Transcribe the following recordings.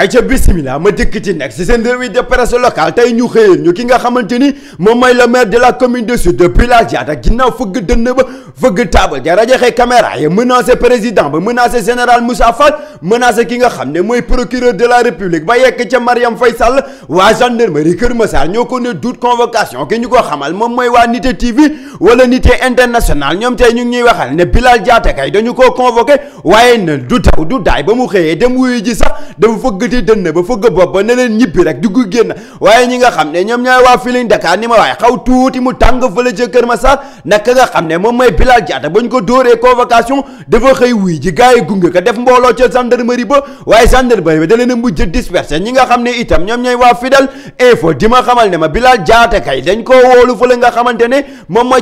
ay ca ma dëkk ci si de presse locale tey ñu ñu ki nga le maire de la commune de Sud La Diatta ginnaaw fëgg dënn ba fëgg taabal ja rajaxe caméra yi président ba général Moussa Fall ki nga procureur de la république ba yekk Mariam Faisal, Sall waa gendarmerie Massar ñoo ko convocation ki ñu ko xamal Nité TV wala nité international ñoom tey ñu ngi ñuy waxal ne Bilal Diatta kay dañu ko convoqué waaye na du daay ba mu xëyee dem wuyu ji sax dafa fëggati dënn ba fëgg bopp ba ne leen ñibbi rek dugg génn waaye ñi nga xam ne ñoom ñooy waa Feeling Dakar ni ma waaye xaw tuuti mu tàng fële ca Kër Massar naka nga xam ne moom mooy Bilal Diatta ba ñu ko dóoree convocation dafa xëy wuyu ji gars yi gunge ko def mbooloo ca gendarmerie ba waaye gendarmerie ba da leen a mujj ñi nga xam ne itam ñoom ñooy waa Fidèle Info di ma xamal ne ma Bilal Diatta kay dañ koo wóolu fële nga xamante ne moom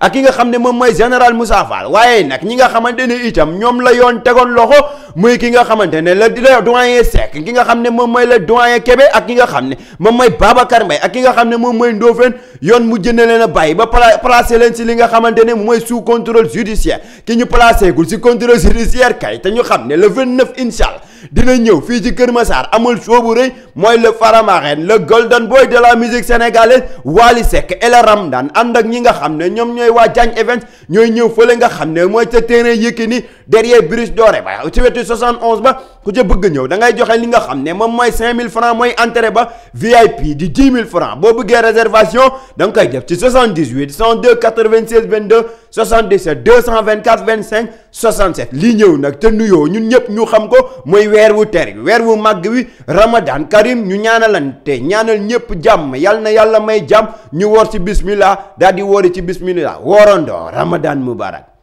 ak ki nga xam ne moom mooy général Moussa Fall waaye nag ñi nga xamante ne itam ñoom la yoon tegoon loxo muy ki nga xamante ne le doyen Seck ki nga xam ne moom mooy la doyen Kébé ak ki nga xam ne moom mooy Babacar Mbaye ak ki nga xam ne moom mooy Ndofène yoon mu jënd leen a bàyyi ba placé leen si li nga xamante ne mooy sous contrôle judiciaire ki ñu placé gul si contrôle judiciaire kay te ñu xam ne le 29 incha allah dina ñëw fii ci Kër Massar amul show bu rëy mooy le Faramaren le golden boy de la musique sénégalaise Wally Seck El Ramdan ànd ak ñi nga xam ne ñoom ñooy waa Diagne Events ñooy ñëw fële nga xam ne mooy ca terrain Yékini derrière Bruce Doré ba ci wetu 71 ba ku ca bëgg ñëw da ngay joxe li nga xam ne moom mooy mille francs mooy entrée ba VIP di 10 000 francs boo bëggee réservation da nga koy def ci 78 102 96 22 77 224 25 67 lii ñëw nag te nuyoo ñun ñëpp ñu xam ko mooy weer wu ter wi weer wu màgg wi Ramadan Karim ñu ñaanalante ñaanal ñëpp jàmm yàlla na yàlla may jàmm ñu woor ci bismillah daal di woori ci bismillah woorandoo Ramadan Ramadan Mubarak.